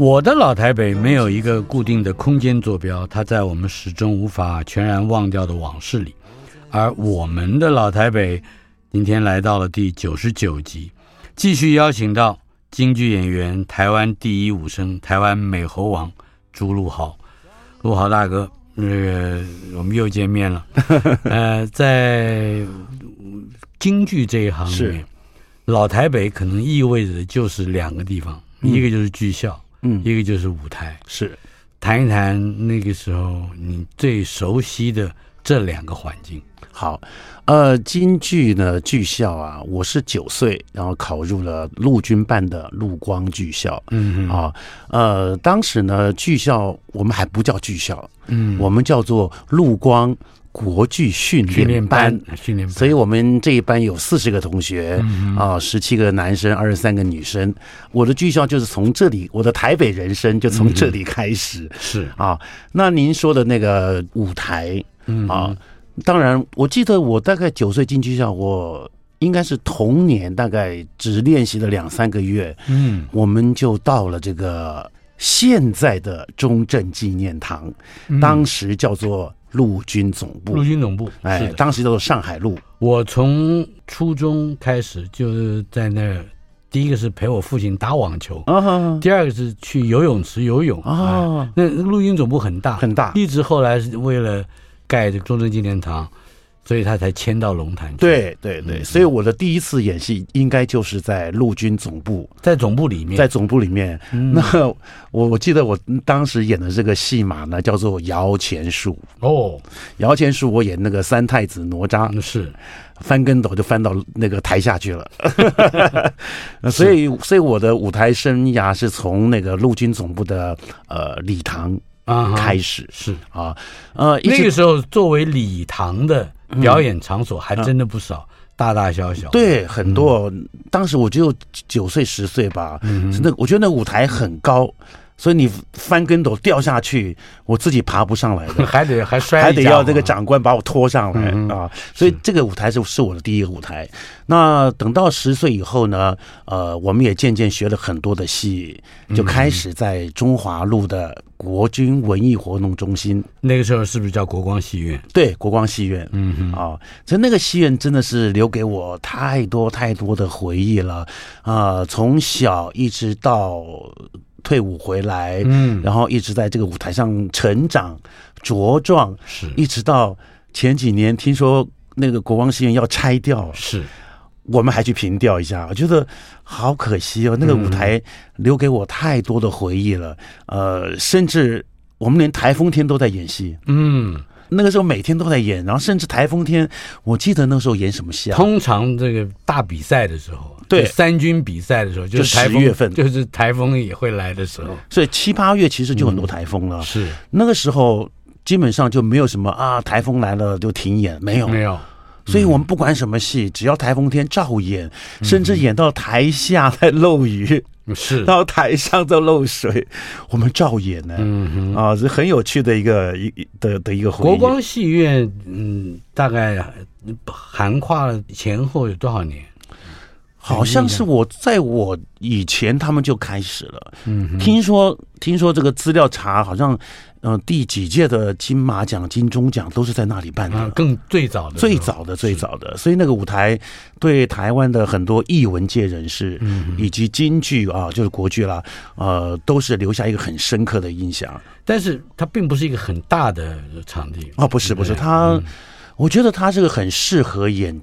我的老台北沒有一個固定的空間坐標，它在我們始終無法全然忘掉的往事裡。而我們的老台北，今天來到了第九十九集，繼續邀請到京劇演員、台灣第一武生、台灣美猴王朱陸豪。陸豪大哥，那個、呃、我們又見面了。 呃，在京劇這一行裡面，老台北可能意味着就是兩個地方，嗯、一個就是劇校。嗯，一個就是舞台、嗯、是，談一談那個時候你最熟悉的這兩個環境。好，呃，京劇呢，劇校啊，我是九歲，然後考入了陸軍辦的陸光劇校。嗯嗯，啊，呃，當時呢，劇校我們還不叫劇校，嗯，我們叫做陸光。國劇訓練班，訓練班，所以我們這一班有四十個同學、嗯、啊，十七個男生，二十三個女生。我的劇校就是從這裡，我的台北人生就從這裡開始。嗯、是啊，那您說的那個舞台啊、嗯，當然，我記得我大概九歲進劇校，我應該是童年，大概只練習了兩三個月。嗯，我們就到了這個現在的中正紀念堂，當時叫做。陸軍總部，陸軍總部，哎，是，當時都是上海路。我從初中開始就是在那兒，第一個是陪我父親打網球，哦好好，第二個是去游泳池游泳。啊、哦哎，那陸軍總部很大，很大，一直後來是為了蓋這個中正紀念堂。所以他才遷到龍潭去。對對對、嗯，所以我的第一次演戲應該就是在陸軍總部，在總部裡面，在總部裡面。嗯、那我我記得我當時演的這個戲碼呢，叫做《搖錢樹》哦，《搖錢樹》我演那個三太子哪吒，是翻跟斗就翻到那個台下去了。 是 所以，所以我的舞台生涯是從那個陸軍總部的呃禮堂開始，啊開始是啊呃那個時候作為禮堂的。嗯、表演場所還真的不少、啊，大大小小。對，很多。嗯、當時我就九歲十歲吧，那、嗯、我覺得那舞台很高。所以你翻跟斗掉下去，我自己爬不上來的，還得還摔，還得要這個長官把我拖上來、嗯、啊！所以這個舞台是是我的第一個舞台。那等到十歲以後呢？呃，我們也漸漸學了很多的戲，就開始在中華路的國軍文藝活動中心。嗯、那個時候是不是叫國光戲院？對，國光戲院。嗯嗯啊，所以那個戲院真的是留給我太多太多的回憶了啊、呃！從小一直到。退伍回來，嗯，然後一直在這個舞台上成長、嗯、茁壯，是，一直到前幾年聽說那個國王戲院要拆掉，是，我們還去憑吊一下，我覺得好可惜哦，那個舞台留給我太多的回憶了、嗯，呃，甚至我們連颱風天都在演戲，嗯，那個時候每天都在演，然後甚至颱風天，我記得那時候演什麼戲啊？通常這個大比賽的時候。對，三軍比賽的時候就是颱風，就十月份，就是颱風也會來的時候，所以七八月其實就很多颱風了。嗯、是那個時候基本上就沒有什麼啊，颱風來了就停演，沒有沒有。所以我們不管什麼戲、嗯，只要颱風天照演，甚至演到台下在漏雨，是、嗯、到台上在漏水，我們照演呢、呃。嗯哼，啊，是很有趣的一個一的的一個活動。國光戲院，嗯，大概橫跨了前後有多少年？好像是我在我以前，他們就開始了。嗯，聽說聽說，這個資料查，好像嗯、呃，第幾屆的金馬獎、金鐘獎都是在那裡辦的。更最早的最早的最早的，所以那個舞台對台灣的很多藝文界人士，嗯，以及京劇啊，就是國劇啦，呃，都是留下一個很深刻的印象。但是它並不是一個很大的場地哦，不是不是，它我覺得它這個很適合演。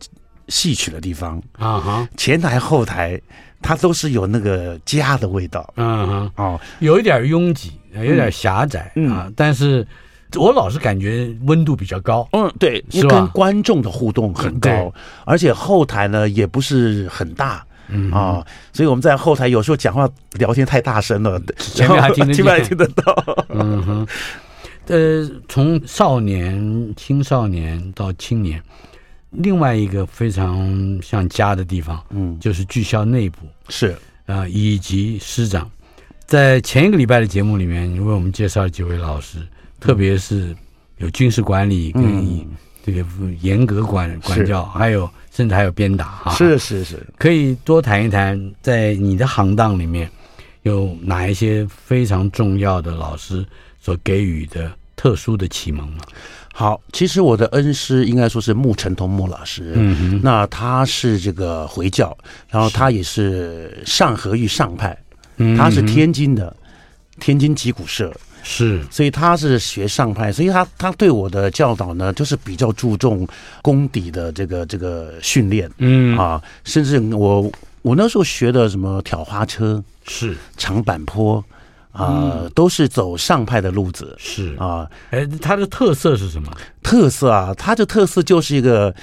戲曲的地方啊，哈，前台後台，它都是有那個家的味道，嗯、啊、哼，哦，有一點擁擠，有點狹窄，嗯、啊，但是我老是感覺溫度比較高，嗯，對，是吧？跟觀眾的互動很高，嗯，而且後台呢也不是很大，嗯啊、哦，所以我們在後台有時候講話聊天太大聲了，前面還聽，聽，聽得到，嗯哼，呃，從少年、青少年到青年。另外一個非常像家的地方，嗯，就是劇校內部是啊、呃，以及師長。在前一個禮拜的節目裡面，你為我們介紹了幾位老師，嗯、特別是有軍事管理跟這個嚴格管、嗯、管教，還有甚至還有鞭打哈、啊。是是是，可以多談一談，在你的行當裡面有哪一些非常重要的老師所給予的特殊的啟蒙嗎？好，其實我的恩師應該說是穆成同穆老師、嗯哼，那他是這個回教，然後他也是尚和玉尚派、嗯，他是天津的天津稽古社，是，所以他是學尚派，所以他他對我的教導呢，就是比較注重功底的這個這個訓練，嗯啊，甚至我我那時候學的什麼挑滑車、是長坂坡。啊、呃，都是走尚派的路子，呃，是啊，哎，他的特色是什麼？特色啊，他的特色就是一個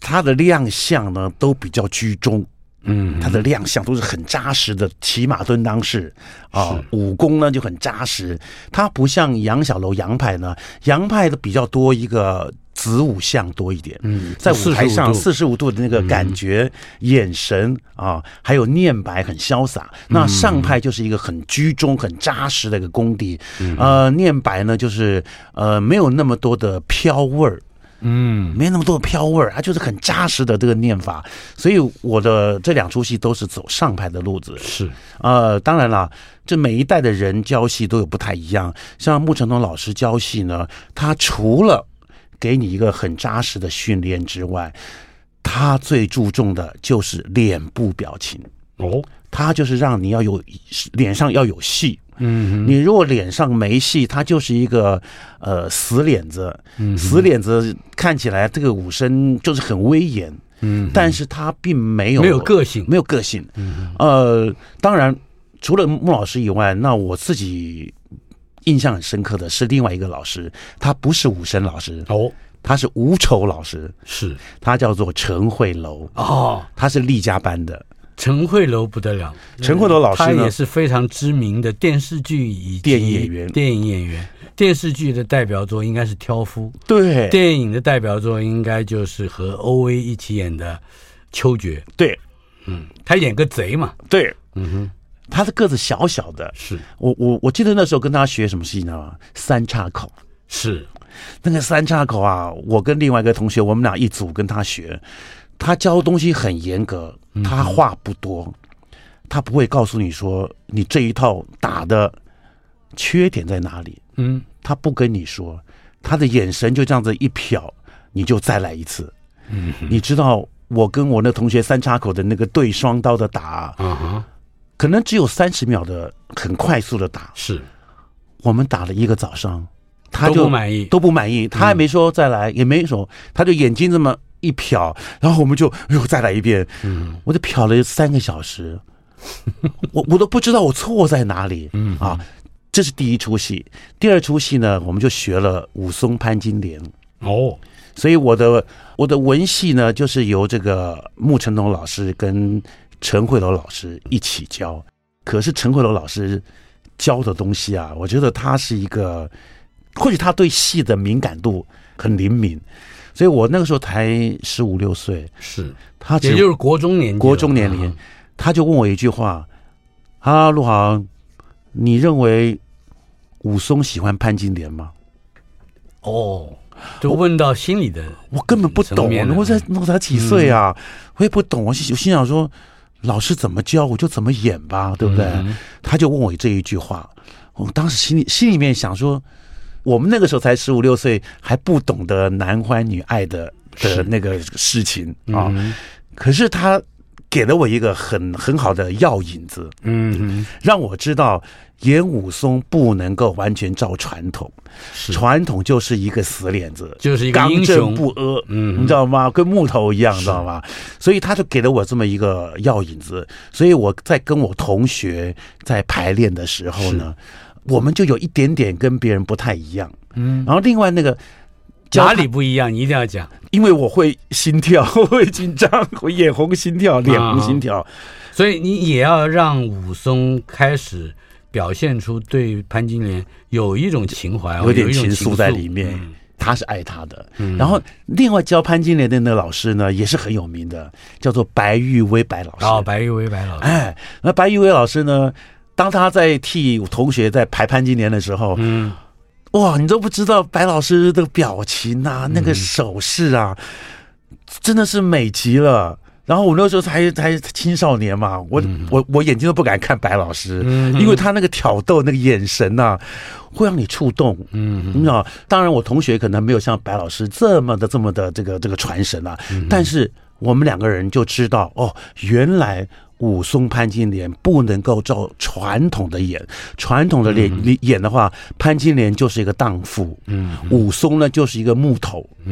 他的亮相呢都比較居中，嗯，他的亮相都是很扎實的騎馬蹲襠式啊，武功呢就很扎實，他不像楊小樓楊派呢，楊派的比較多一個。子午相多一點，嗯、在舞台上45、嗯、四十五度的那個感覺，嗯、眼神啊、呃，還有念白很瀟灑、嗯。那上派就是一個很居中、很扎實的一個功底、嗯。呃，念白呢，就是呃沒有那麼多的飄味兒，嗯，沒那麼多的飄味兒，它就是很扎實的這個念法。所以我的這兩出戲都是走上派的路子。是，呃，當然了，這每一代的人教戲都有不太一樣。像穆承東老師教戲呢，他除了給你一個很扎實的訓練之外，他最注重的就是臉部表情哦，他就是讓你要有臉上要有戲，嗯，你如果臉上沒戲，他就是一個呃死臉子，嗯，死臉子看起來這個武生就是很威嚴，嗯，但是他並沒有沒有個性，沒有個性，嗯，呃，當然除了穆老師以外，那我自己。印象很深刻的是另外一個老師，他不是武生老師哦，他是武丑老師，是他叫做陳慧樓哦，他是厲家班的陳慧樓不得了，陳慧樓老師他也是非常知名的電視劇以及電影演員，電影演員，電視劇的代表作應該是《挑夫》，對，電影的代表作應該就是和歐威一起演的《秋決》，對，嗯，他演個賊嘛，對，嗯哼。他的個子小小的，是我我我記得那時候跟他學什麼戲呢？三岔口，是那個三岔口啊！我跟另外一個同學，我們倆一組跟他學。他教東西很嚴格，他話不多，嗯、他不會告訴你說你這一套打的缺點在哪裡。嗯，他不跟你說，他的眼神就這樣子一瞟，你就再來一次。嗯，你知道我跟我那同學三岔口的那個對雙刀的打啊呵呵？可能只有三十秒的很快速的打是，我們打了一個早上，他就不滿意，都不滿意，他還沒說再來、嗯，也沒說，他就眼睛這麼一瞟，然後我們就又再來一遍，嗯，我就瞟了三個小時， 我我都不知道我錯在哪裡，嗯 啊，這是第一齣戲，第二齣戲呢，我們就學了武松潘金蓮哦，所以我的我的文戲呢，就是由這個穆成東老師跟。陳慧樓老師一起教，可是陳慧樓老師教的東西啊，我覺得他是一個，或許他對戲的敏感度很靈敏，所以我那個時候才十五六歲，是他就也就是國中年國中年齡、嗯，他就問我一句話：“啊，陸豪，你認為武松喜歡潘金蓮嗎？”哦，就問到心裡的我，我根本不懂，我才我才幾歲啊，我、嗯、也不懂，我心想說。老師怎麼教我就怎麼演吧，對不對？嗯、他就問我這一句話，我當時心裡心裡面想說，我們那個時候才十五六歲，還不懂得男歡女愛的的那個事情啊、哦嗯。可是他。給了我一個很很好的藥引子，嗯，嗯，讓我知道演武松不能夠完全照傳統是，傳統就是一個死臉子，就是一個剛正不阿，嗯，你知道嗎？跟木頭一樣，知道嗎？所以他就給了我這麼一個藥引子，所以我在跟我同學在排練的時候呢，我們就有一點點跟別人不太一樣，嗯，然後另外那個。哪裡不一樣，你一定要講，因為我會心跳，我會緊張，會眼紅，心跳，臉紅，心跳、嗯嗯。所以你也要讓武松開始表現出對潘金蓮有一種情懷，有點情愫在裡面、哦嗯，他是愛他的。然後另外教潘金蓮的那個老師呢，也是很有名的，叫做白玉薇白老師。哦，白玉薇白老師。哎，那白玉薇老師呢，當他在替同學在排潘金蓮的時候，嗯。哇，你都不知道白老師的表情啊，那個手勢啊、嗯，真的是美極了。然後我那時候才才青少年嘛，我、嗯、我我眼睛都不敢看白老師，嗯、因為他那個挑逗那個眼神吶、啊，會讓你觸動，嗯，你知道，當然我同學可能沒有像白老師這麼的這麼的這個這個傳神啊、嗯，但是我們兩個人就知道哦，原來。武松、潘金蓮不能夠照傳統的演，傳統的演演的話，潘金蓮就是一個蕩婦，嗯，武松呢就是一個木頭，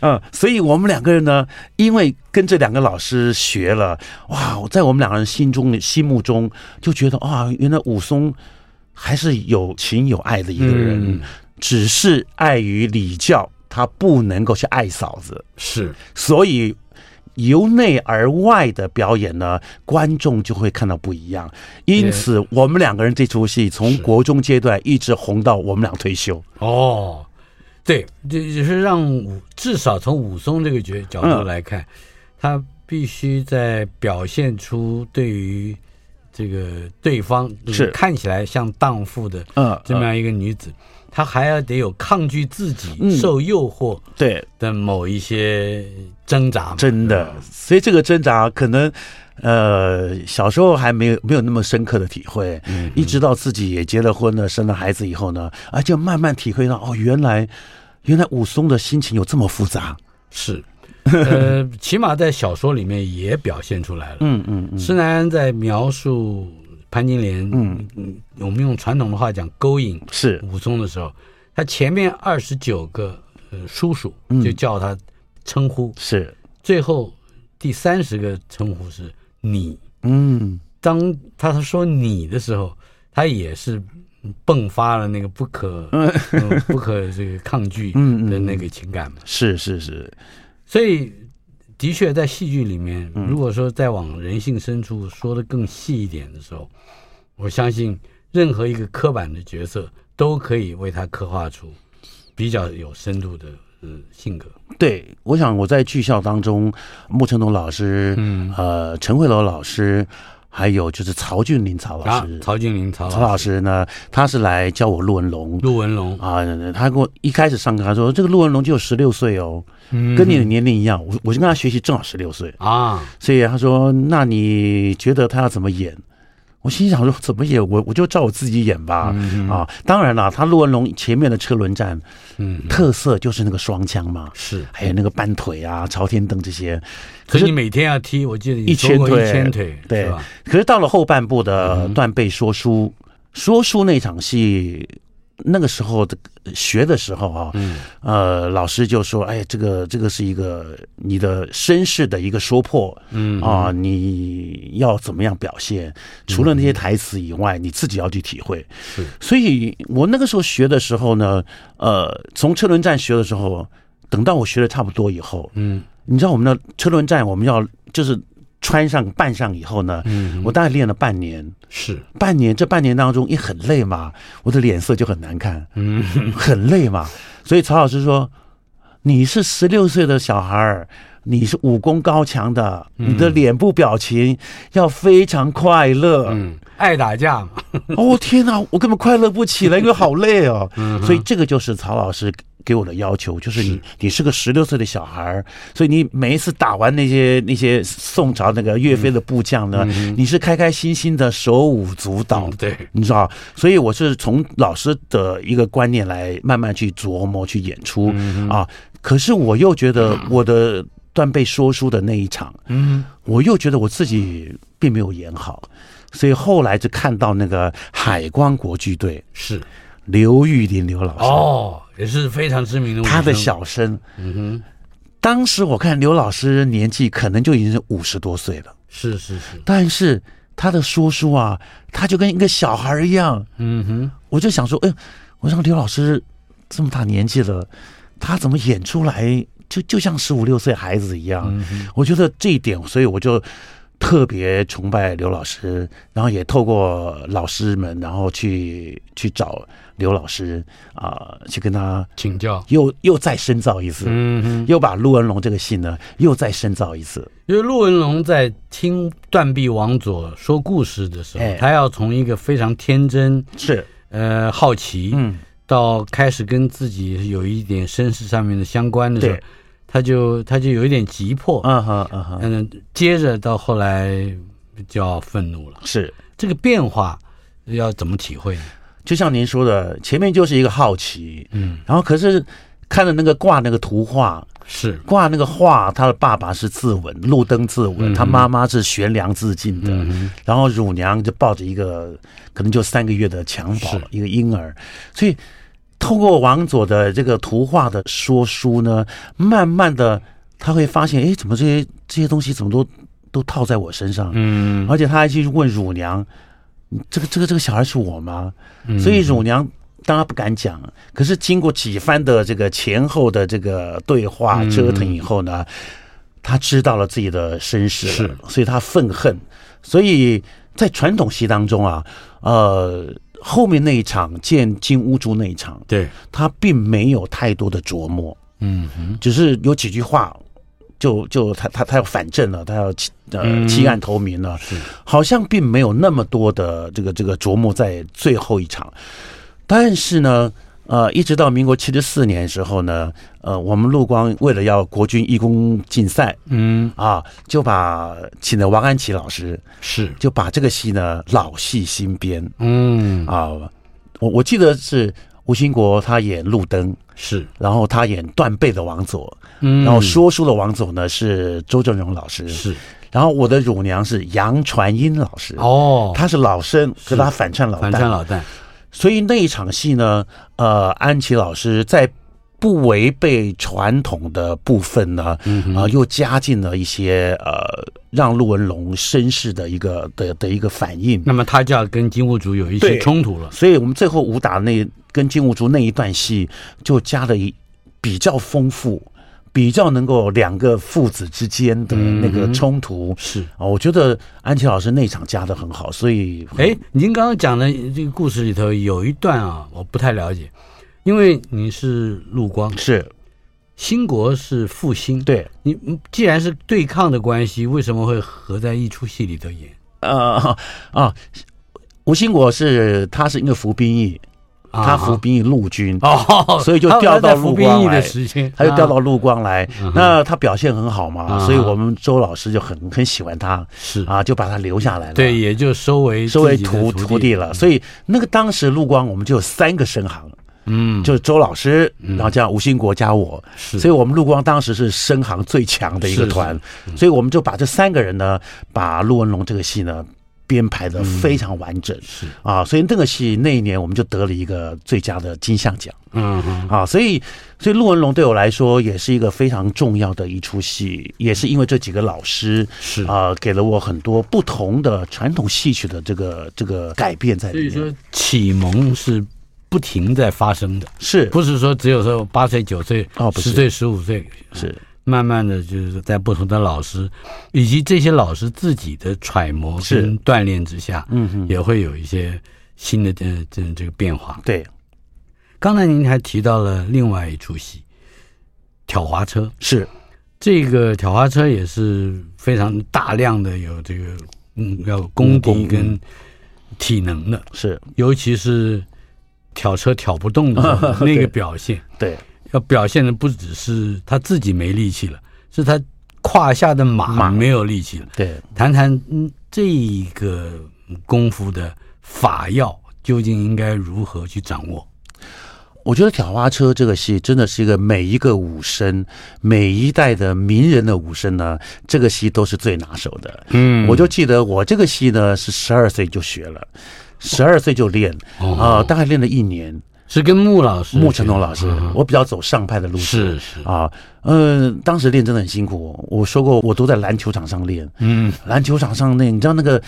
嗯，所以我們兩個人呢，因為跟這兩個老師學了，哇，在我們兩個人心中、心目中就覺得哇、哦，原來武松還是有情有愛的一個人，只是礙於禮教，他不能夠去愛嫂子，是，所以。由內而外的表演呢，觀眾就會看到不一樣。因此，我們兩個人這出戲從國中階段一直紅到我們倆退休。哦，對，這就是讓武至少從武松這個角角度來看，嗯，他必須在表現出對於這個對方是看起來像蕩婦的嗯這麼樣一個女子。嗯嗯他還要得有抗拒自己受誘惑對的某一些掙扎，真、嗯、的，所以這個掙扎可能，呃，小時候還沒有沒有那麼深刻的體會嗯嗯，一直到自己也結了婚了，生了孩子以後呢，啊，就慢慢體會到哦，原來原來武松的心情有這麼複雜，是，呃， 起碼在小說裡面也表現出來了，嗯嗯施、嗯、南然在描述。潘金蓮，嗯，我們用傳統的話講，勾引是武松的時候，他前面二十九個、呃、叔叔就叫他稱呼、嗯、是，最後第三十個稱呼是你，嗯，當他說你的時候，他也是迸發了那個不可、那個、不可這個抗拒的那個情感嘛、嗯嗯，是是是，所以。的確，在戲劇裡面，如果說再往人性深處說得更細一點的時候，我相信任何一個刻板的角色都可以為他刻畫出比較有深度的呃性格。對，我想我在劇校當中，穆辰東老師，嗯，呃，陳慧樓老師。還有就是曹俊林曹老師，啊、曹俊林曹，曹老師呢，他是來教我陸文龍，陸文龍啊，他跟我一開始上課，他說這個陸文龍只有十六歲哦，跟你的年齡一樣，嗯、我我就跟他學習，正好十六歲啊，所以他說，那你覺得他要怎麼演？我心想說，怎麼演？我我就照我自己演吧，嗯、啊當然了，他陸文龍前面的車輪戰、嗯，特色就是那個雙槍嘛是、嗯、還有那個扳腿啊、朝天蹬這些可是，可是你每天要踢我記得一千腿，一千腿對，是對，可是到了後半部的斷臂說書、嗯、說書那場戲。那個時候的，學的時候啊，嗯，呃，老師就說：“哎，這個，這個是一個你的身世的一個說破，嗯啊，你要怎麼樣表現？除了那些台詞以外，你自己要去體會。所以，我那個時候學的時候呢，呃，從車輪戰學的時候，等到我學的差不多以後，嗯，你知道我們的車輪戰，我們要就是。”穿上扮上以後呢，我大概練了半年，是半年。這半年當中也很累嘛，我的臉色就很難看，很累嘛。所以曹老師說，你是十六歲的小孩兒。你是武功高強的，你的臉部表情要非常快樂，嗯，愛打架哦，天哪，我根本快樂不起來，因為好累哦。嗯、所以這個就是曹老師給我的要求，就是你，你是個十六歲的小孩，所以你每一次打完那些那些宋朝那個岳飛的部將呢，嗯嗯、你是開開心心的手舞足蹈、嗯。對，你知道，所以我是從老師的一個觀念來慢慢去琢磨去演出、嗯、啊。可是我又覺得我的。斷臂說書的那一場，嗯，我又覺得我自己並沒有演好，所以後來就看到那個海光國劇隊是劉玉麟劉老師哦，也是非常知名的。他的小生，嗯哼，當時我看劉老師年紀可能就已經是五十多歲了，是是是，但是他的說書啊，他就跟一個小孩一樣，嗯哼，我就想說，哎、欸，我想劉老師這麼大年紀了，他怎麼演出來？就就像十五六歲孩子一樣，嗯，我覺得這一點，所以我就特別崇拜劉老師。然後也透過老師們，然後去去找劉老師啊，呃，去跟他請教，又又再深造一次，嗯嗯，又把陸文龍這個戲呢又再深造一次。因為陸文龍在聽斷臂王佐說故事的時候，哎，他要從一個非常天真是，呃，好奇，嗯。到開始跟自己有一點身世上面的相關的時候，他就他就有一點急迫，嗯嗯嗯嗯，接着到後來比較憤怒了，是這個變化要怎麼體會呢？就像您說的，前面就是一個好奇，嗯，然後可是。看着那個掛那個圖畫，是掛那個畫，他的爸爸是自刎，陸登自刎；他媽媽是懸梁自盡的，嗯、然後乳娘就抱着一個可能就三個月的襁褓，一個嬰兒。所以，透過王佐的這個圖畫的說書呢，慢慢的他會發現，哎，怎麼這些這些東西怎麼都都套在我身上？嗯，而且他還去問乳娘，這個這個這個小孩是我嗎？嗯、所以乳娘。當然不敢講，可是經過幾番的這個前後的這個對話折騰以後呢，嗯、他知道了自己的身世，是，所以他憤恨，所以在傳統戲當中啊，呃，後面那一場見金烏珠那一場，對，他並沒有太多的琢磨，嗯哼，只是有幾句話，就就他他他要反正了，他要棄、呃、棄暗投明了、嗯是，好像並沒有那麼多的這個這個琢磨在最後一場。但是呢，呃，一直到民國七十四年的時候呢，呃，我們陸光為了要國軍藝工競賽，嗯啊，就把請了王安祈老師，是，就把這個戲呢老戲新編，嗯啊，我我記得是吳興國他演陸登是，然後他演斷臂的王佐，嗯，然後說書的王佐呢是周正榮老師是，然後我的乳娘是楊傳英老師哦，他是老生，是他反串老反串老旦。所以那一場戲呢，呃，安琪老師在不違背傳統的部分呢，啊、呃，又加進了一些呃，讓陸文龍身世的一個的的一個反應。那麼他就要跟金兀術有一些衝突了。所以我們最後武打那跟金兀術那一段戲就加了一比較豐富。比較能夠兩個父子之間的那個衝突。嗯嗯，是啊、哦，我覺得安琪老師那場加的很好，所以哎、欸，您剛剛講的這個故事裡頭有一段啊，我不太了解，因為你是陸光是，興國是復興，對你既然是對抗的關係，為什麼會合在一出戲裡頭演？啊、呃、啊，吳興國是他是因為服兵役。他服兵役陸軍，哦、uh -huh.，oh, 所以就調到陸光來，兵役的時間 uh -huh. 他就調到陸光來。那他表現很好嘛，uh -huh. 所以我們周老師就很很喜歡他，是、uh -huh. 啊，就把他留下來了。對，也就收為收為徒徒弟了，嗯。所以那個當時陸光我們就有三個生行，嗯、uh -huh.，就是周老師，然後叫吳興國加我，是、uh -huh.。所以我們陸光當時是生行最強的一個團，uh -huh. 所以我們就把這三個人呢，把陸文龍這個戲呢。編排的非常完整，嗯、是啊，所以那個戲那一年我們就得了一個最佳的金像獎，嗯嗯，啊，所以所以陸文龍對我來說也是一個非常重要的一出戲，也是因為這幾個老師是啊、嗯呃、給了我很多不同的傳統戲曲的這個這個改變在裡面。所以說，啟蒙是不停在發生的，是不是說只有說八歲九歲哦，不是，十歲十五歲是。慢慢的就是在不同的老師以及這些老師自己的揣摩跟鍛鍊之下，嗯也會有一些新的這這這個變化，嗯。對，剛才您還提到了另外一出戲，挑滑車，是這個挑滑車也是非常大量的有這個嗯要功底跟體能的，嗯嗯嗯嗯，是尤其是挑車挑不動的那個呵呵，那個，表現，對。表現的不只是他自己沒力氣了，是他胯下的馬沒有力氣了。對，談談嗯，這個功夫的法要究竟應該如何去掌握？我覺得挑滑車這個戲真的是一個每一個武生，每一代的名人的武生呢，這個戲都是最拿手的。嗯，我就記得我這個戲呢是十二歲就學了，十二歲就練，啊、哦呃，大概練了一年。是跟穆老師，穆成東老師，我比較走上派的路線。是是啊，嗯、呃，當時練真的很辛苦。我說過，我都在籃球場上練。嗯，籃球場上練，你知道那個，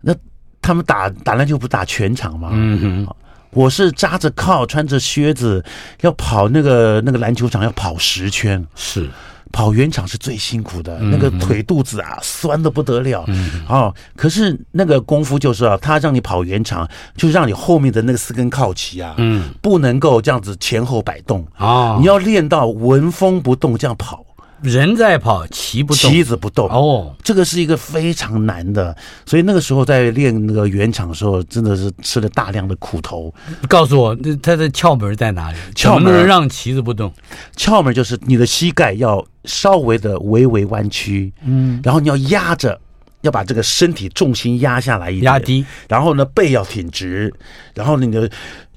那他們打打籃球不打全場嗎？嗯哼，我是扎着靠，穿着靴子，要跑那個那個籃球場要跑十圈。是。跑圓場是最辛苦的，那個腿肚子啊，嗯、痠得不得了。啊、嗯哦，可是那個功夫就是啊，他讓你跑圓場，就讓你後面的那個四根靠旗啊，嗯，不能夠這樣子前後擺動啊、哦，你要練到紋風不動這樣跑。人在跑，旗不動，旗子不動哦，oh. 這個是一個非常難的，所以那個時候在練那個圓場的時候，真的是吃了大量的苦頭。告訴我，那他的竅門在哪裡？竅門麼讓旗子不動，竅門就是你的膝蓋要稍微的微微彎曲，嗯，然後你要壓着，要把這個身體重心壓下來一點，壓低，然後呢背要挺直，然後你的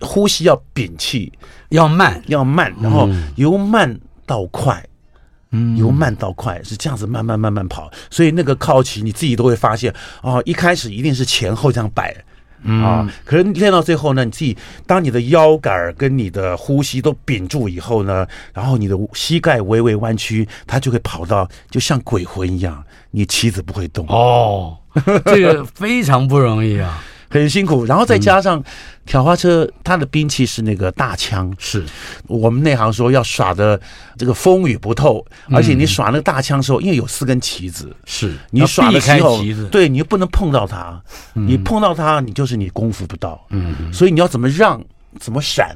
呼吸要屏氣，要慢，要慢，然後由慢到快。嗯由慢到快是這樣子，慢慢慢慢跑，所以那個靠旗你自己都會發現，哦，一開始一定是前後這樣擺，啊、哦，可是練到最後呢，你自己當你的腰桿跟你的呼吸都屏住以後呢，然後你的膝蓋微微彎曲，它就會跑到就像鬼魂一樣，你旗子不會動哦，這個非常不容易啊。 很辛苦，然後再加上、嗯、挑花車，它的兵器是那個大槍。是，我們內行說要耍的這個風雨不透、嗯，而且你耍那個大槍的時候，因為有四根旗子，是你耍的時候避開旗子，對你又不能碰到它，嗯、你碰到它，你就是你功夫不到。嗯，所以你要怎麼讓，怎麼閃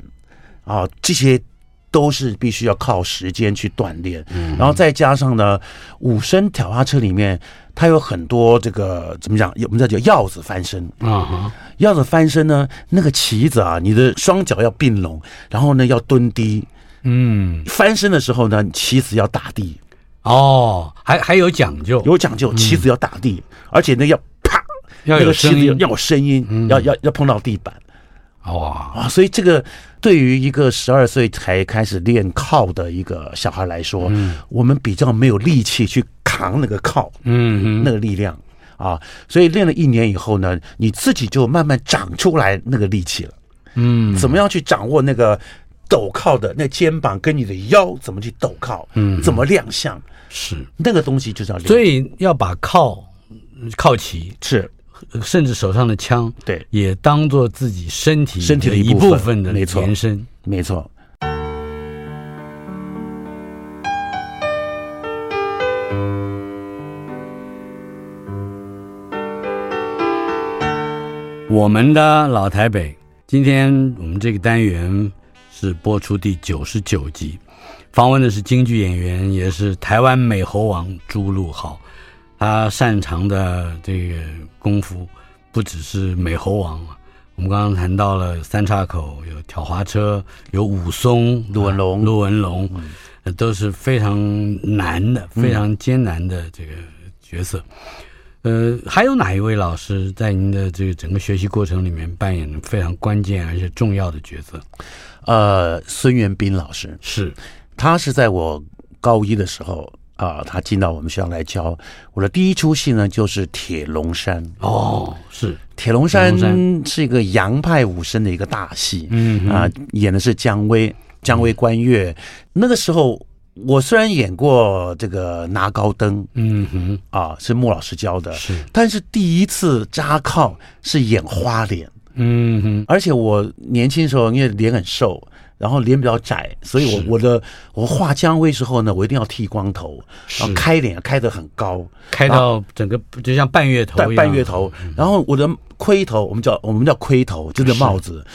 啊，這些都是必須要靠時間去鍛鍊。嗯，然後再加上呢，武生挑花車裡面。他有很多這個怎麼講？我們叫叫鷂子翻身啊，鷂、uh -huh. 子翻身呢，那個旗子啊，你的雙腳要併攏，然後呢要蹲低，嗯，翻身的時候呢，旗子要打地哦，oh, 還還有講究、嗯，有講究，旗子要打地，嗯、而且呢要啪，要有聲音，那個、旗子要有聲音，嗯、要要要碰到地板，哇、oh. 啊、所以這個對於一個十二歲才開始練靠的一個小孩來說，嗯、我們比較沒有力氣去。扛那個靠，嗯，那個力量啊，所以練了一年以後呢，你自己就慢慢長出來那個力氣了，嗯，怎麼樣去掌握那個抖靠的那肩膀跟你的腰怎麼去抖靠，嗯，怎麼亮相，是那個東西就叫練，所以要把靠，靠旗是，甚至手上的槍對也當做自己身體身體的一部分的延伸，沒錯。我們的老台北，今天我們這個單元是播出第九十九集，訪問的是京劇演員，也是台灣美猴王朱陸豪，他擅長的這個功夫不只是美猴王、啊、我們剛剛談到了三岔口有挑滑車，有武松，啊、陸文龍，啊、陸文龍、呃、都是非常難的、非常艱難的這個角色。嗯呃，還有哪一位老師在您的這個整個學習過程裡面扮演非常關鍵而且重要的角色？呃，孫元彬老師是，他是在我高一的時候啊、呃，他進到我們學校來教。我的第一出戲呢，就是《鐵籠山》。哦，是《鐵籠，鐵籠山》是一個楊派武生的一個大戲。嗯啊、嗯呃，演的是姜維，姜維關岳、嗯。那個時候。我雖然演過這個拿高燈，嗯哼，啊，是穆老師教的，是，但是第一次扎靠是演花臉，嗯哼，而且我年輕的時候，因為臉很瘦，然後臉比較窄，所以我我的我畫姜維時候呢，我一定要剃光頭，然後開臉開得很高，開到整個就像半月頭一樣，對，半月頭、嗯，然後我的盔頭，我們叫我們叫盔頭，就是、這個帽子，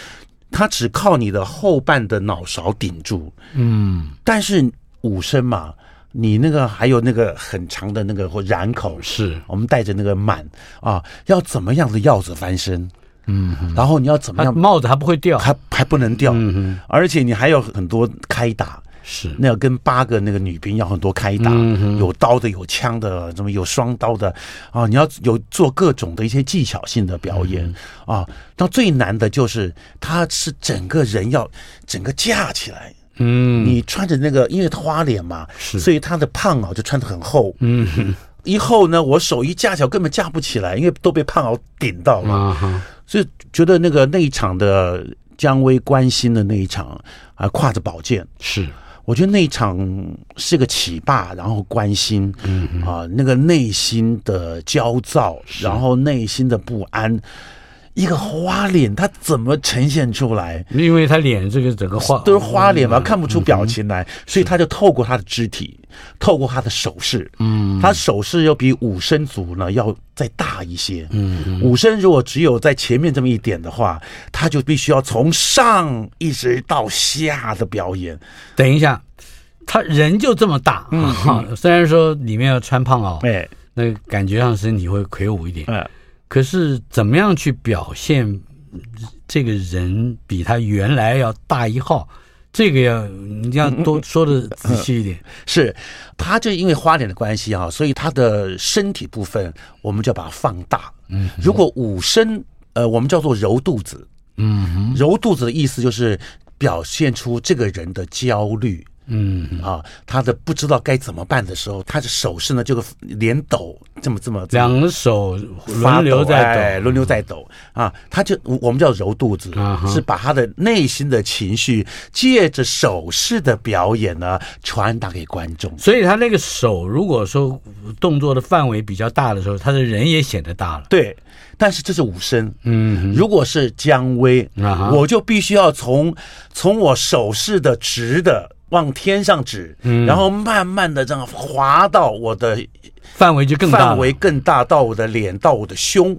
它只靠你的後半的腦勺頂住，嗯，但是。武生嘛，你那個還有那個很長的那個或髯口，是我們帶着那個滿啊，要怎麼樣子鷂子翻身？嗯，然後你要怎麼樣帽子還不會掉，還還不能掉，嗯。而且你還有很多開打，是那要、個、跟八個那個女兵要很多開打，嗯哼，有刀的，有槍的，什麼有雙刀的啊，你要有做各種的一些技巧性的表演、嗯、啊。那最難的就是，他是整個人要整個架起來。嗯， 你穿着那個，因為他花臉嘛，是，所以他的胖襖、啊、就穿得很厚。嗯哼，一厚呢，我手一架腳根本架不起來，因為都被胖襖頂到了、啊哈。所以覺得那個那一場的姜維關心的那一場，啊，挎着寶劍，是，我覺得那一場是個起霸，然後關心，嗯啊、呃，那個內心的焦躁，然後內心的不安。一個花臉，他怎麼呈現出來？因為他臉這個整個花都是花臉嘛，看不出表情來，所以他就透過他的肢體，透過他的手勢，嗯，他手勢要比武生組呢要再大一些。嗯，武生如果只有在前面這麼一點的話，他就必須要從上一直到下的表演。嗯嗯嗯嗯嗯嗯。等一下，他人就這麼大，嗯，雖然說裡面要穿胖襖，哎，那個、感覺上身體會魁梧一點，嗯、哎。可是怎麼樣去表現這個人比他原來要大一號？這個要你要多說的仔細一點，嗯、是他就因為花臉的關係啊，所以他的身體部分我們就把它放大。嗯，如果武生呃，我們叫做揉肚子。嗯，揉肚子的意思就是表現出這個人的焦慮。嗯啊，他的不知道該怎麼辦的時候，他的手勢呢，就是連抖這麼這麼，兩個手輪流在抖，發抖輪流在抖、哎輪流在抖嗯、啊，他就我們叫揉肚子、嗯，是把他的內心的情緒借着手勢的表演呢傳達給觀眾。所以他那個手如果說動作的範圍比較大的時候，他的人也顯得大了。對，但是這是武生，嗯，如果是姜維、嗯嗯、我就必須要從從我手勢的直的。往天上指，嗯，然後慢慢的這樣滑到我的範圍就更大，範圍更大到我的臉到我的胸，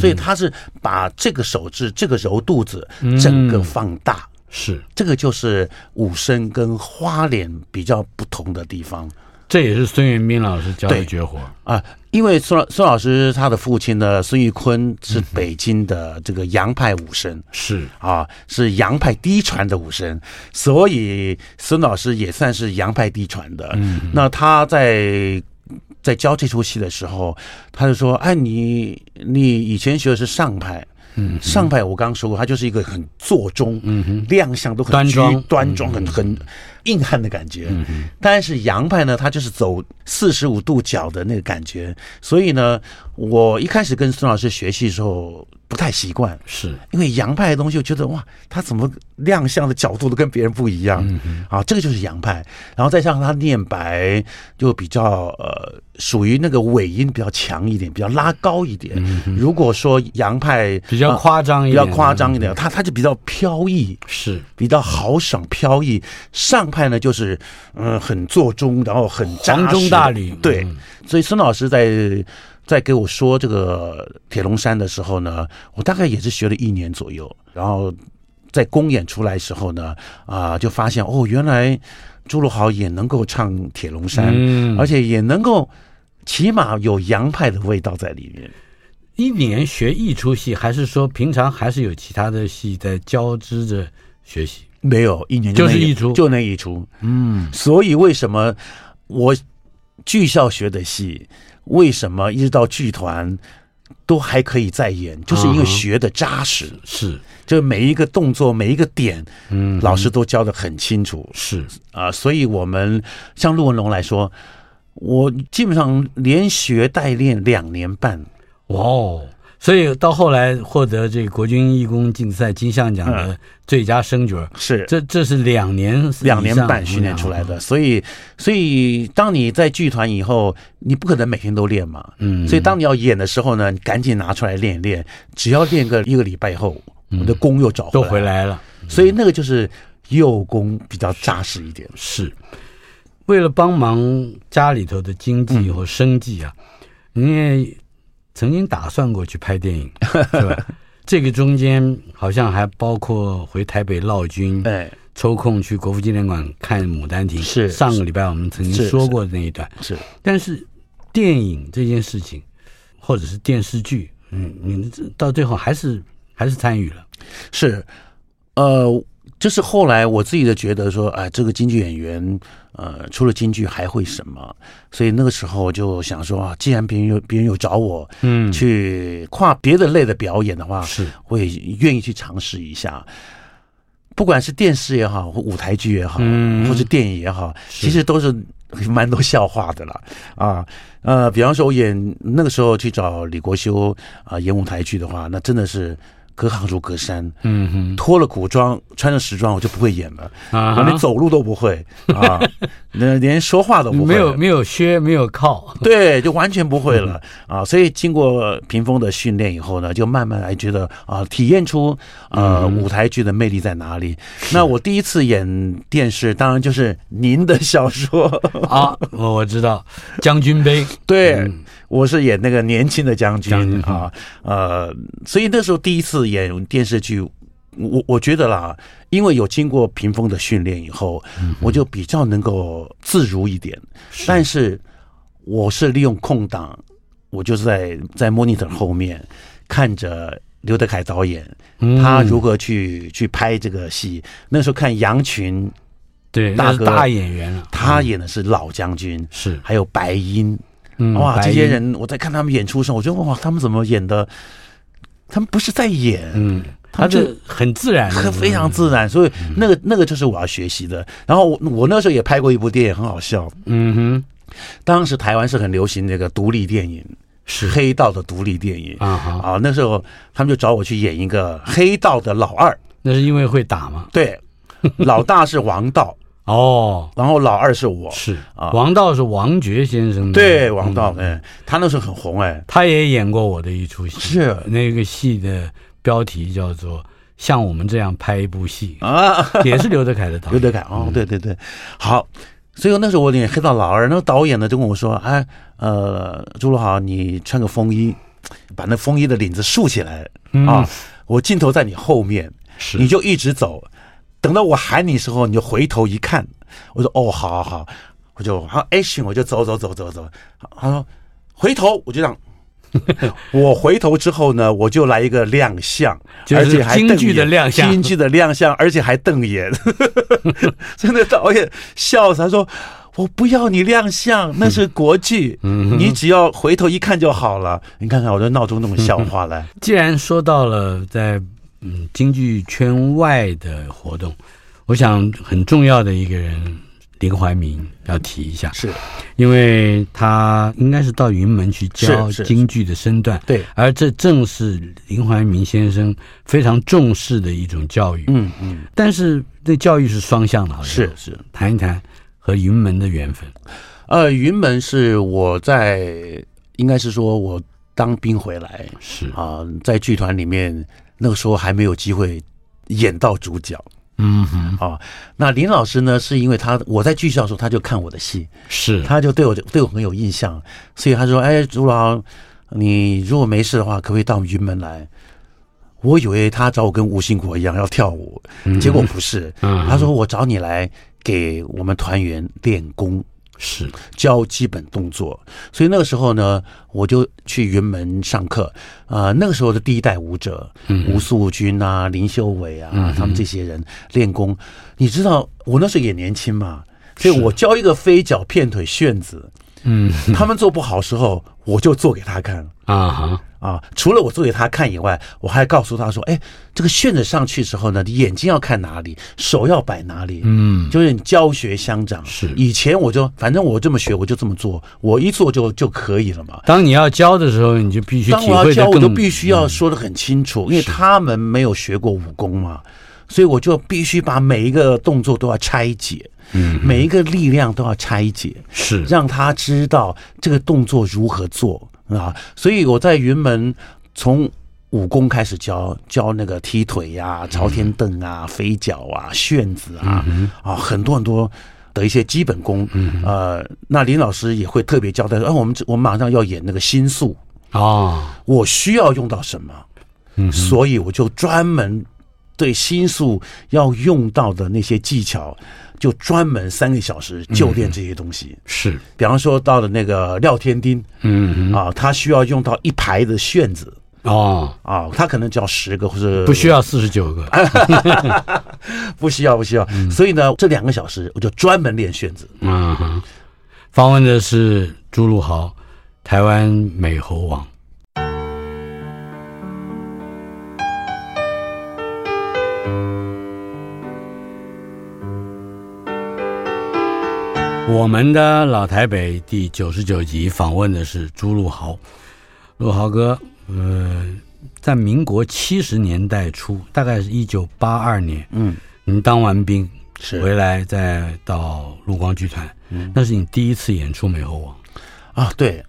所以他是把這個手指，這個揉肚子整個放大，是、嗯、這個就是武生跟花臉比較不同的地方，這也是孫元彬老師教的絕活啊。因為孫老孫老師他的父親呢，孫玉坤是北京的這個楊派武生，啊，是啊，是楊派嫡傳的武生，所以孫老師也算是楊派嫡傳的。嗯，那他在在教這出戲的時候，他就說：“哎，你你以前學的是上派。”上派，我剛剛說過，他就是一個很坐中，嗯，亮相都很端莊，端莊很很硬漢的感覺，嗯。但是洋派呢，他就是走四十五度角的那個感覺。所以呢，我一開始跟孫老師學習的時候，不太習慣，是因為洋派的東西，我覺得哇，他怎麼亮相的角度都跟別人不一樣啊，這個就是洋派。然後再加上他念白，就比較呃，屬於那個尾音比較強一點，比較拉高一點。如果說洋派比較誇張，比較誇張一點，他、啊、他就比較飄逸，是比較豪爽飄逸。上派呢，就是嗯，很坐中，然後很莊重大理。對、嗯，所以孫老師在。在給我說這個《鐵龍山》的時候呢，我大概也是學了一年左右。然後在公演出來時候呢，啊、呃，就發現哦，原來朱陸豪也能夠唱《鐵龍山》嗯，而且也能夠起碼有洋派的味道在裡面。一年學一出戲，還是說平常還是有其他的戲在交織着學習？沒有，一年就那一、就是一出，就那一出。嗯，所以為什麼我劇校學的戲？為什麼一直到劇團都還可以再演，就是因為學的扎實，是、嗯，就每一個動作每一個點，嗯，老師都教得很清楚，是、嗯，啊，所以我們像陸文龍來說，我基本上連學帶練兩年半，哇哦。所以到後來獲得這個國軍藝工競賽金像獎的最佳生角，嗯、是，這這是兩年兩年半訓練出來的。嗯、所以所以當你在劇團以後，你不可能每天都練嘛。嗯。所以當你要演的時候呢，你趕緊拿出來練一練。只要練個一個禮拜以後，我們的功又找回來了，嗯，都回來了嗯。所以那個就是幼功比較扎實一點。是，是為了幫忙家裡頭的經濟和生計啊，你、嗯曾經打算過去拍電影，對吧？ 這個中間好像還包括回台北鬧軍，抽空去國父紀念館看《牡丹亭》哎。是上個禮拜我們曾經說過的那一段是是。是，但是電影這件事情，或者是電視劇，嗯，你到最後還是還是參與了。是，呃。就是後來我自己的覺得說，哎，這個京劇演員，呃，除了京劇還會什麼？所以那個時候我就想說啊，既然別人有別人有找我，嗯，去跨別的類的表演的話，是、嗯、會願意去嘗試一下，不管是電視也好，或舞台劇也好，嗯，或是電影也好，其實都是蠻多笑話的了啊。呃，比方說我演那個時候去找李國修啊、呃、演舞台劇的話，那真的是。隔行如隔山，嗯嗯脫了古裝，穿着時裝，我就不會演了，啊、嗯，連走路都不會啊，那 連說話都不會，沒有沒有靴，沒有靠，對，就完全不會了、嗯、啊。所以經過屏風的訓練以後呢，就慢慢來覺得啊，體驗出呃、啊、舞台劇的魅力在哪裡、嗯。那我第一次演電視，當然就是您的小說啊，我我知道《將軍碑》。對。嗯我是演那個年輕的將軍、嗯、啊，呃，所以那時候第一次演電視劇，我我覺得啦，因為有經過屏風的訓練以後，嗯、我就比較能夠自如一點。是但是我是利用空檔，我就是在在 monitor 後面、嗯、看着劉德凱導演、嗯、他如何去去拍這個戲。那時候看楊群大哥，對，那是大演員了，他演的是老將軍，嗯、是還有白鷹。嗯、哇，這些人我在看他們演出時候，我覺得哇，他們怎麼演的？他們不是在演，嗯，他就很自然，他非常自然，嗯、所以那個、嗯、那個就是我要學習的。然後我我那時候也拍過一部電影，很好笑，嗯哼。當時台灣是很流行那個獨立電影，是黑道的獨立電影啊啊，那時候他們就找我去演一個黑道的老二，那是因為會打嗎？對， 老大是王道。哦，然後老二是我是啊，王道是王珏先生的對，王道哎、嗯嗯，他那時候很紅哎，他也演過我的一出戲，是那個戲的標題叫做《像我們這樣拍一部戲》啊，也是劉德凱的導演， 劉德凱哦，對對對，嗯、好，所以那時候我演黑道老二，那個導演呢就跟我說，哎呃，朱陸豪，你穿個風衣，把那風衣的領子豎起來、嗯、啊，我鏡頭在你後面，是你就一直走。等到我喊你時候，你就回頭一看，我說：“哦，好，好，好。”我就好，他說：“Action！” 我就走，走，走，走，走。他說：“回頭！”我就讓 我回頭之後呢，我就來一個亮相，而且京劇的亮相，京劇的亮相，而且還瞪眼，真的導演笑死他。他說：“我不要你亮相，那是國劇， 你只要回頭一看就好了。”你看看我就鬧出那麼笑話來。 既然說到了在。嗯，京劇圈外的活動，我想很重要的一個人，林懷民要提一下，是，因為他應該是到雲門去教京劇的身段，對，而這正是林懷民先生非常重視的一種教育。嗯嗯。但是這教育是雙向的好像？是是，談一談和雲門的緣分。呃，雲門是我在應該是說我當兵回來是啊、呃，在劇團裡面。那個時候還沒有機會演到主角，嗯哼，啊，那林老師呢？是因為他我在劇校的時候，他就看我的戲，是，他就對我就對我很有印象，所以他說：“哎，朱老，你如果沒事的話，可不可以到我們雲門來？”我以為他找我跟吳興國一樣要跳舞，結果不是，嗯、他說：“我找你來給我們團員練功。”是教基本動作，所以那個時候呢，我就去雲門上課啊、呃。那個時候的第一代舞者，吳素君啊、林秀偉啊、嗯嗯，他們這些人練功。你知道，我那時候也年輕嘛，所以我教一個飛腳、片腿、旋子，嗯，他們做不好時候。嗯嗯我就做給他看啊哈啊！除了我做給他看以外，我還告訴他說：“哎，這個旋子上去的時候呢，你眼睛要看哪裡，手要擺哪裡。”嗯，就是你教學相長。是。以前我就反正我這麼學，我就這麼做，我一做就就可以了嘛。當你要教的時候，你就必須當我要教，我都必須要說得很清楚，嗯，因為他們沒有學過武功嘛，所以我就必須把每一個動作都要拆解。嗯，每一個力量都要拆解，是讓他知道這個動作如何做、嗯、啊。所以我在雲門從武功開始教，教那個踢腿呀、啊、朝天蹬啊、嗯、飛腳啊、旋子啊，啊、嗯哦，很多很多的一些基本功、嗯。呃，那林老師也會特別交代說，哎、呃，我們我馬上要演那個心術啊、哦，我需要用到什麼？嗯，所以我就專門對心術要用到的那些技巧。就專門三個小時就練這些東西，嗯，是。比方說到了那個廖天丁，嗯哼啊，他需要用到一排的旋子，哦啊，他可能就要十個或者不需要四十九個， 不需要不需要，嗯。所以呢，這兩個小時我就專門練旋子。嗯哼，訪問的是朱陸豪，台灣美猴王。我們的老台北第九十九集訪問的是朱陸豪，陸豪哥，呃，在民國七十年代初，大概是一九八二年，嗯，您當完兵是回來再到陸光劇團，嗯，那是你第一次演出美猴王，啊，對，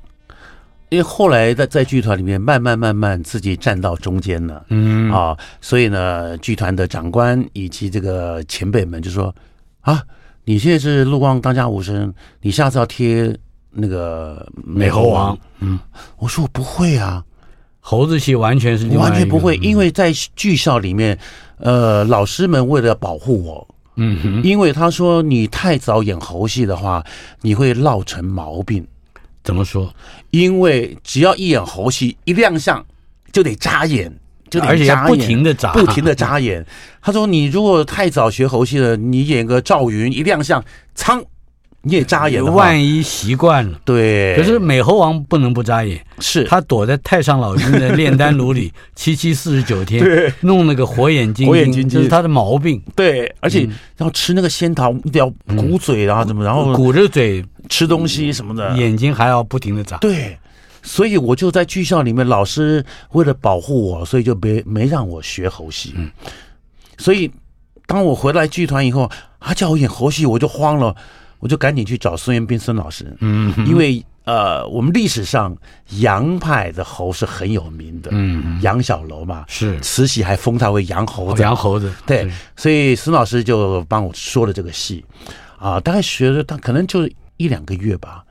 因為後來在在劇團裡面慢慢慢慢自己站到中間了，嗯啊，所以呢，劇團的長官以及這個前輩們就說啊。你現在是陸光當家武生，你下次要貼那個美猴、美猴王，嗯，我說我不會啊，猴子戲完全是你完全不會，嗯、因為在劇校裡面，呃，老師們為了保護我，嗯哼，因為他說你太早演猴戲的話，你會落成毛病，怎麼說？因為只要一演猴戲，一亮相就得眨眼。就而且不停的眨，不停的眨眼。嗯、他說：“你如果太早學猴戲了，你演個趙雲一亮相，蒼，你也眨眼了。萬一習慣了，對。可是美猴王不能不眨眼，是他躲在太上老君的煉丹爐裡 七七四十九天，對，弄那個火眼金睛，這是他的毛病。對，而且然後吃那個仙桃，嗯、一定要鼓嘴，啊什麼，怎麼，然後鼓着嘴吃東西什麼的，眼睛還要不停的眨。”對。所以我就在劇校裡面，老師為了保護我，所以就沒沒讓我學猴戲。嗯，所以當我回來劇團以後，他、啊、叫我演猴戲，我就慌了，我就趕緊去找孫元彬孫老師。嗯，因為呃，我們歷史上楊派的猴是很有名的，嗯，楊小樓嘛，是慈禧還封他為楊猴子，哦、楊猴子。對，所以孫老師就幫我說了這個戲，啊、呃，大概學了他可能就一兩個月吧。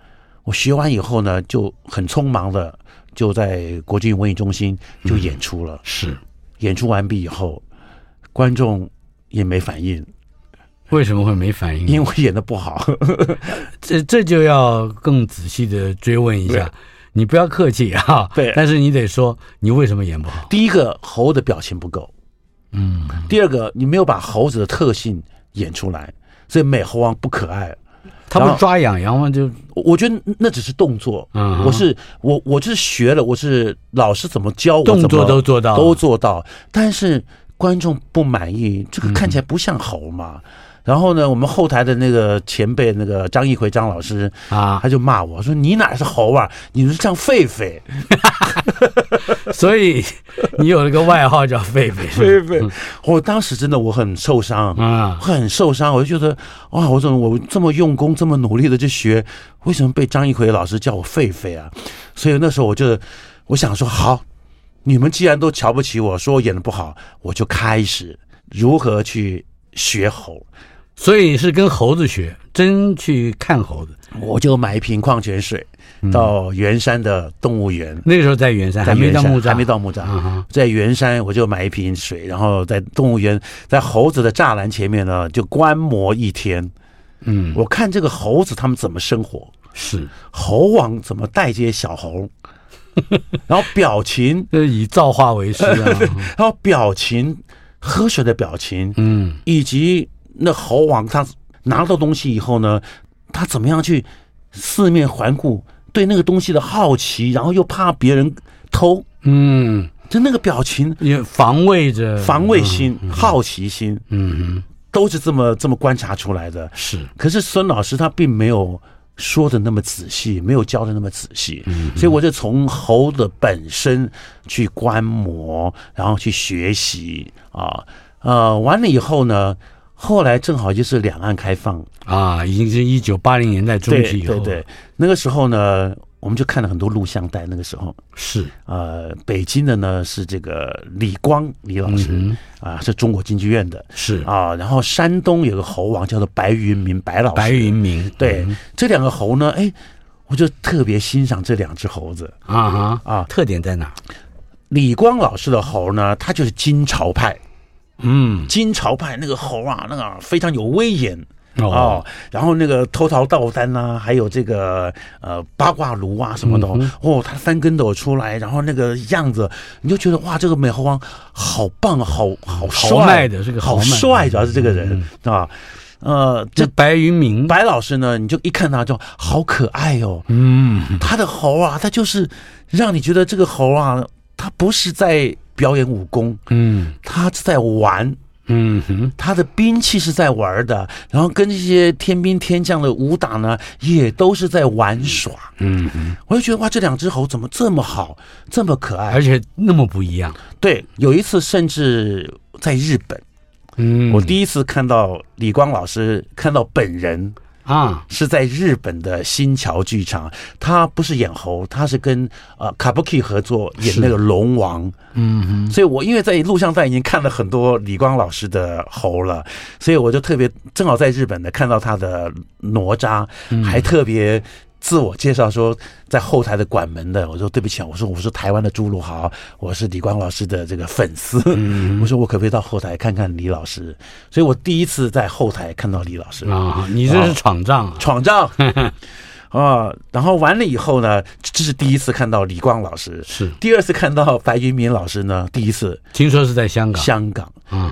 我學完以後呢，就很匆忙的就在國際文藝中心就演出了，嗯。是，演出完畢以後，觀眾也沒反應。為什麼會沒反應？因為我演的不好。 這這就要更仔細的追問一下。你不要客氣哈，啊。對。但是你得說，你為什麼演不好？第一個，猴的表情不夠。嗯。第二個，你沒有把猴子的特性演出來，所以美猴王不可愛。他不是抓癢，癢，然後，然後就我，我覺得那只是動作。嗯，我是我，我是學了，我是老師怎麼教我，動作都做到，都做到，嗯。但是觀眾不滿意，這個看起來不像猴嘛。然後呢，我們後台的那個前輩，那個張藝奎張老師啊，他就罵我說：“你哪是猴啊？你是像狒狒。廢廢” 所以你有一個外號叫狒狒“狒狒”、狒狒。我當時真的我很受傷，啊，很受傷。我就覺得，哇、哦，我怎麼我這麼用功，這麼努力的去學，為什麼被張一奎老師叫我“狒狒”啊？所以那時候我就我想說，好，你們既然都瞧不起我，說我演的不好，我就開始如何去學猴。所以是跟猴子學，真去看猴子，我就買一瓶礦泉水。到圓山的動物園、嗯，那個時候在圓山，山，還沒到木還沒到木柵，uh -huh. 在圓山我就買一瓶水，然後在動物園，在猴子的柵欄前面呢，就觀摩一天。嗯，我看這個猴子他們怎麼生活，是猴王怎麼帶接小猴， 然後表情 以造化為師、啊， 然後表情喝水的表情，嗯，以及那猴王他拿到東西以後呢，他怎麼樣去四面環顧。對那個東西的好奇，然後又怕別人偷，嗯，就那個表情，也防衛着，防衛心、嗯、好奇心，嗯哼，都是這麼這麼觀察出來的。是，可是孫老師他並沒有說的那麼仔細，沒有教的那麼仔細，嗯，所以我就從猴子的本身去觀摩，然後去學習啊，呃，完了以後呢。後來正好就是兩岸開放啊，已經是一九八零年代中期以後對。對對，那個時候呢，我們就看了很多錄像帶。那個時候是呃北京的呢是這個李光李老師啊、嗯呃，是中國京劇院的。是啊、呃，然後山東有個猴王叫做白雲明白老師白雲明、嗯。對，這兩個猴呢，哎，我就特別欣賞這兩隻猴子啊哈啊、呃！特點在哪？李光老師的猴呢，他就是京朝派。嗯，京朝派那個猴啊，那個非常有威嚴哦，哦。然後那個偷桃盜丹吶、啊，還有這個呃八卦爐啊什麼的、嗯，哦，他翻跟斗出來，然後那個樣子，你就覺得哇，這個美猴王好棒，好好帥的，這個好帥，嗯、好帥主要是這個人啊、嗯。呃，這白雲明白老師呢，你就一看他就好可愛哦。嗯，他的猴啊，他就是讓你覺得這個猴啊，他不是在。表演武功，嗯，他在玩，嗯哼，他的兵器是在玩的，然後跟這些天兵天將的武打呢，也都是在玩耍，嗯哼，我就覺得哇，這兩隻猴怎麼這麼好，這麼可愛，而且那麼不一樣。對，有一次甚至在日本，嗯，我第一次看到李光老師，看到本人。啊、uh,，是在日本的新橋劇場，他不是演猴，他是跟啊、呃、Kabuki 合作演那個龍王，嗯，所以我因為在錄像帶已經看了很多李光老師的猴了，所以我就特別正好在日本呢看到他的哪吒、嗯，還特別。自我介紹說在後台的管門的，我說對不起啊，我說我是台灣的朱陸豪，我是李光老師的這個粉絲嗯嗯，我說我可不可以到後台看看李老師？所以我第一次在後台看到李老師、哦、啊，你這是闖帳，闖帳啊、哦！然後完了以後呢，這是第一次看到李光老師，是第二次看到白雲明老師呢，第一次聽說是在香港，香港。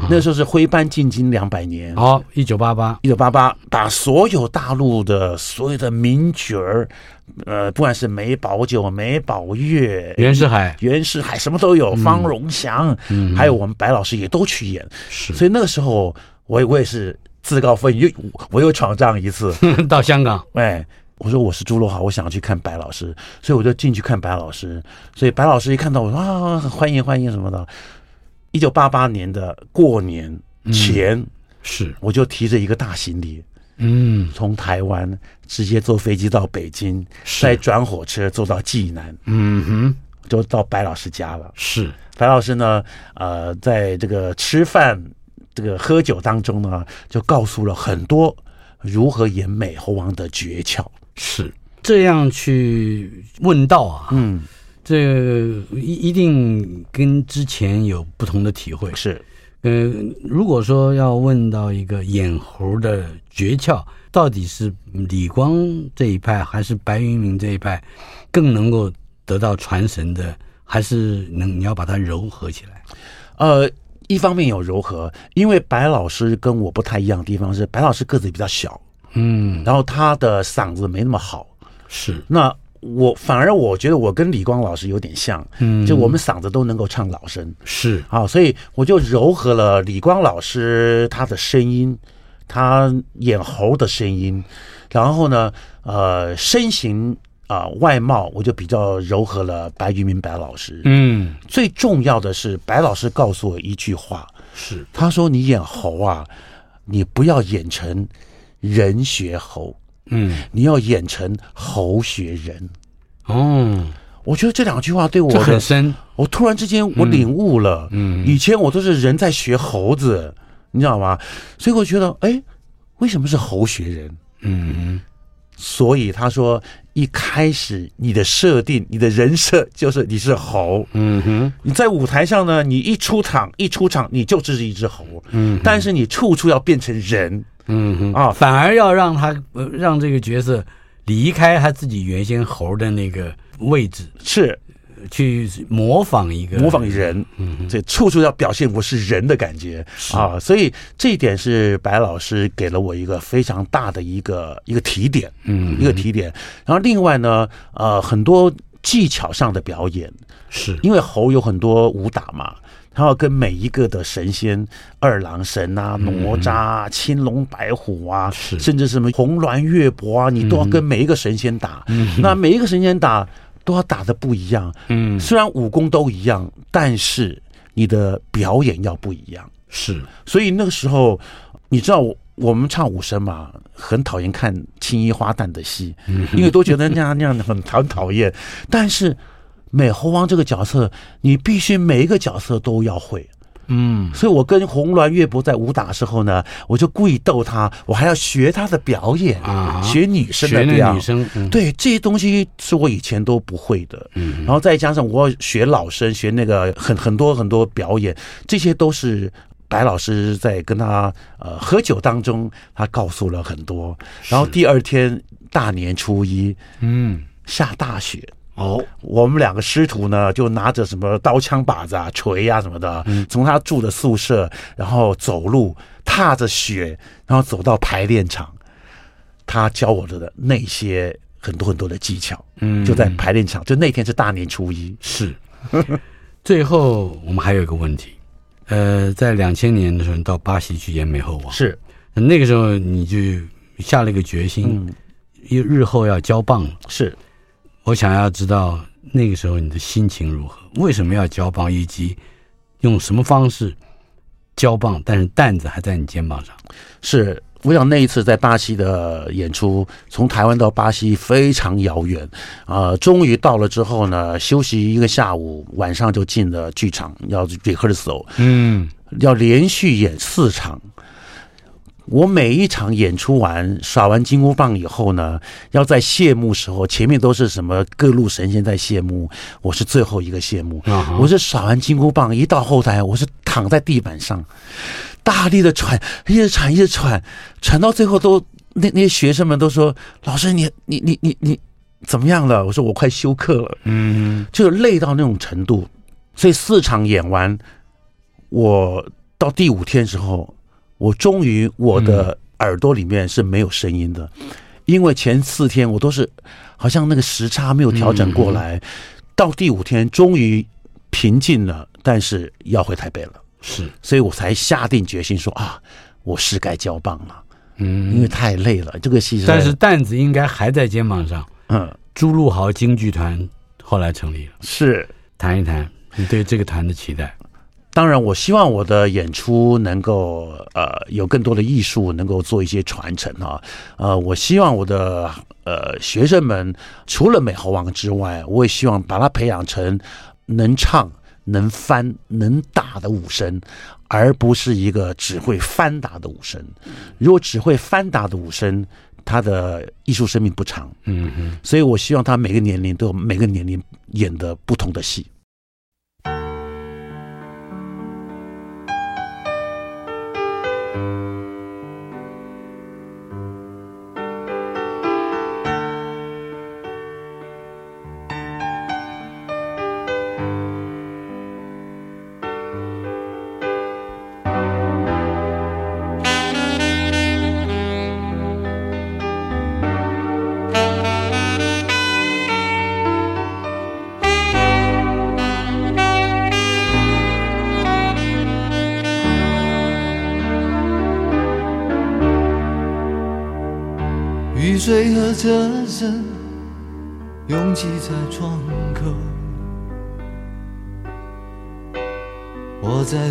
那時候是徽班進京兩百年，好、哦，一九八八，一九八八，把所有大陸的所有的名角兒，呃，不管是梅葆玖、梅葆玥、袁世海、袁世海，什麼都有，嗯、方榮祥、嗯，還有我們白老師也都去演，是。所以那個時候，我我也是自告奮勇，我又闖蕩一次 到香港。哎，我說我是朱陸豪，我想去看白老師，所以我就進去看白老師。所以白老師一看到我說、啊、歡迎歡迎什麼的。一九八八年的過年前，嗯、是，我就提着一個大行李，嗯，從台灣直接坐飛機到北京，是，再轉火車坐到濟南，嗯哼，就到白老師家了。是白老師呢，呃，在這個吃飯、這個喝酒當中呢，就告訴了很多如何演美猴王的訣竅。是這樣去問道啊？嗯。這一一定跟之前有不同的體會是，呃，如果說要問到一個演猴的訣竅，到底是李光這一派還是白雲明這一派更能夠得到傳神的，還是能你要把它柔和起來？呃，一方面有柔和，因為白老師跟我不太一樣的地方是，白老師個子比較小，嗯，然後他的嗓子沒那麼好，是那。我反而，我覺得我跟李光老師有點像，嗯，就我們嗓子都能夠唱老生，嗯、是啊，所以我就糅合了李光老師他的聲音，他演猴的聲音，然後呢，呃，身形啊、呃、外貌我就比較糅合了白玉明白老師，嗯，最重要的是白老師告訴我一句話，是他說，你演猴啊，你不要演成人學猴。嗯，你要演成猴學人，哦，我覺得這兩句話對我很深。我突然之間我領悟了，嗯，嗯，以前我都是人在學猴子，你知道嗎？所以我覺得，哎，為什麼是猴學人？嗯，嗯，所以他說一開始你的設定，你的人設就是你是猴，嗯哼，你在舞台上呢，你一出場一出場你就只是一隻猴，嗯，但是你處處要變成人。嗯哼啊，反而要讓他、呃、讓這個角色離開他自己原先猴的那個位置，是去模仿一個模仿人，嗯，這處處要表現我是人的感覺是啊。所以這一點是白老師給了我一個非常大的一個一個提點，嗯，一個提點。然後另外呢，呃，很多技巧上的表演，是因為猴有很多武打嘛。他要跟每一個的神仙，二郎神啊、哪吒、青龍白虎啊，嗯、甚至什麼紅鸞月孛啊，你都要跟每一個神仙打。嗯、那每一個神仙打都要打得不一樣、嗯。雖然武功都一樣，但是你的表演要不一樣。是，所以那個時候，你知道我們唱武生嘛，很討厭看青衣花旦的戲、嗯，因為都覺得那樣那樣的很很討厭。但是美猴王這個角色，你必須每一個角色都要會，嗯，所以我跟紅鸞月伯在武打的時候呢，我就故意逗他，我還要學他的表演啊，學女生的表演，嗯，對這些東西是我以前都不會的，嗯，然後再加上我學老生，學那個很很多很多表演，這些都是白老師在跟他呃喝酒當中，他告訴了很多，然後第二天大年初一，嗯，下大雪。哦、oh,，我們兩個師徒呢，就拿着什麼刀槍把子啊、錘啊什麼的，嗯、從他住的宿舍，然後走路踏着雪，然後走到排練場。他教我的那些很多很多的技巧，嗯，就在排練場。就那天是大年初一，是。 最後我們還有一個問題，呃，在兩千年的時候你到巴西去演美猴王，是。那個時候你就下了一個決心，日、嗯、日後要交棒是。我想要知道那個時候你的心情如何？為什麼要交棒，以及用什麼方式交棒？但是擔子還在你肩膀上。是。我想那一次在巴西的演出，從台灣到巴西非常遙遠啊，呃，終於到了之後呢，休息一個下午，晚上就進了劇場要 rehearsal，嗯，要連續演四場。我每一場演出完耍完金箍棒以後呢，要在謝幕時候，前面都是什麼各路神仙在謝幕，我是最後一個謝幕。Uh -huh. 我是耍完金箍棒一到後台，我是躺在地板上，大力的喘，一直喘一直喘，喘到最後都那那些學生們都說：“老師你你你你你怎麼樣了？”我說：“我快休克了。”嗯，就是累到那種程度。所以四場演完，我到第五天時候。我終於，我的耳朵裡面是沒有聲音的，嗯，因為前四天我都是好像那個時差沒有調整過來，嗯，到第五天終於平靜了。但是要回台北了，是，所以我才下定決心說啊，我是該交棒了。嗯，因為太累了，這個戲是。但是擔子應該還在肩膀上。嗯，朱陸豪京劇團後來成立了，是，談一談你對這個團的期待。當然，我希望我的演出能夠呃有更多的藝術，能夠做一些傳承啊。呃，我希望我的呃學生們除了美猴王之外，我也希望把他培養成能唱、能翻、能打的武生，而不是一個只會翻打的武生。如果只會翻打的武生，他的藝術生命不長。嗯嗯，所以我希望他每個年齡都有，每個年齡演的不同的戲。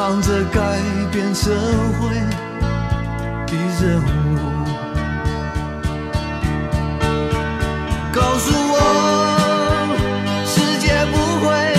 扛着改變社會的任務，告訴我，世界不會。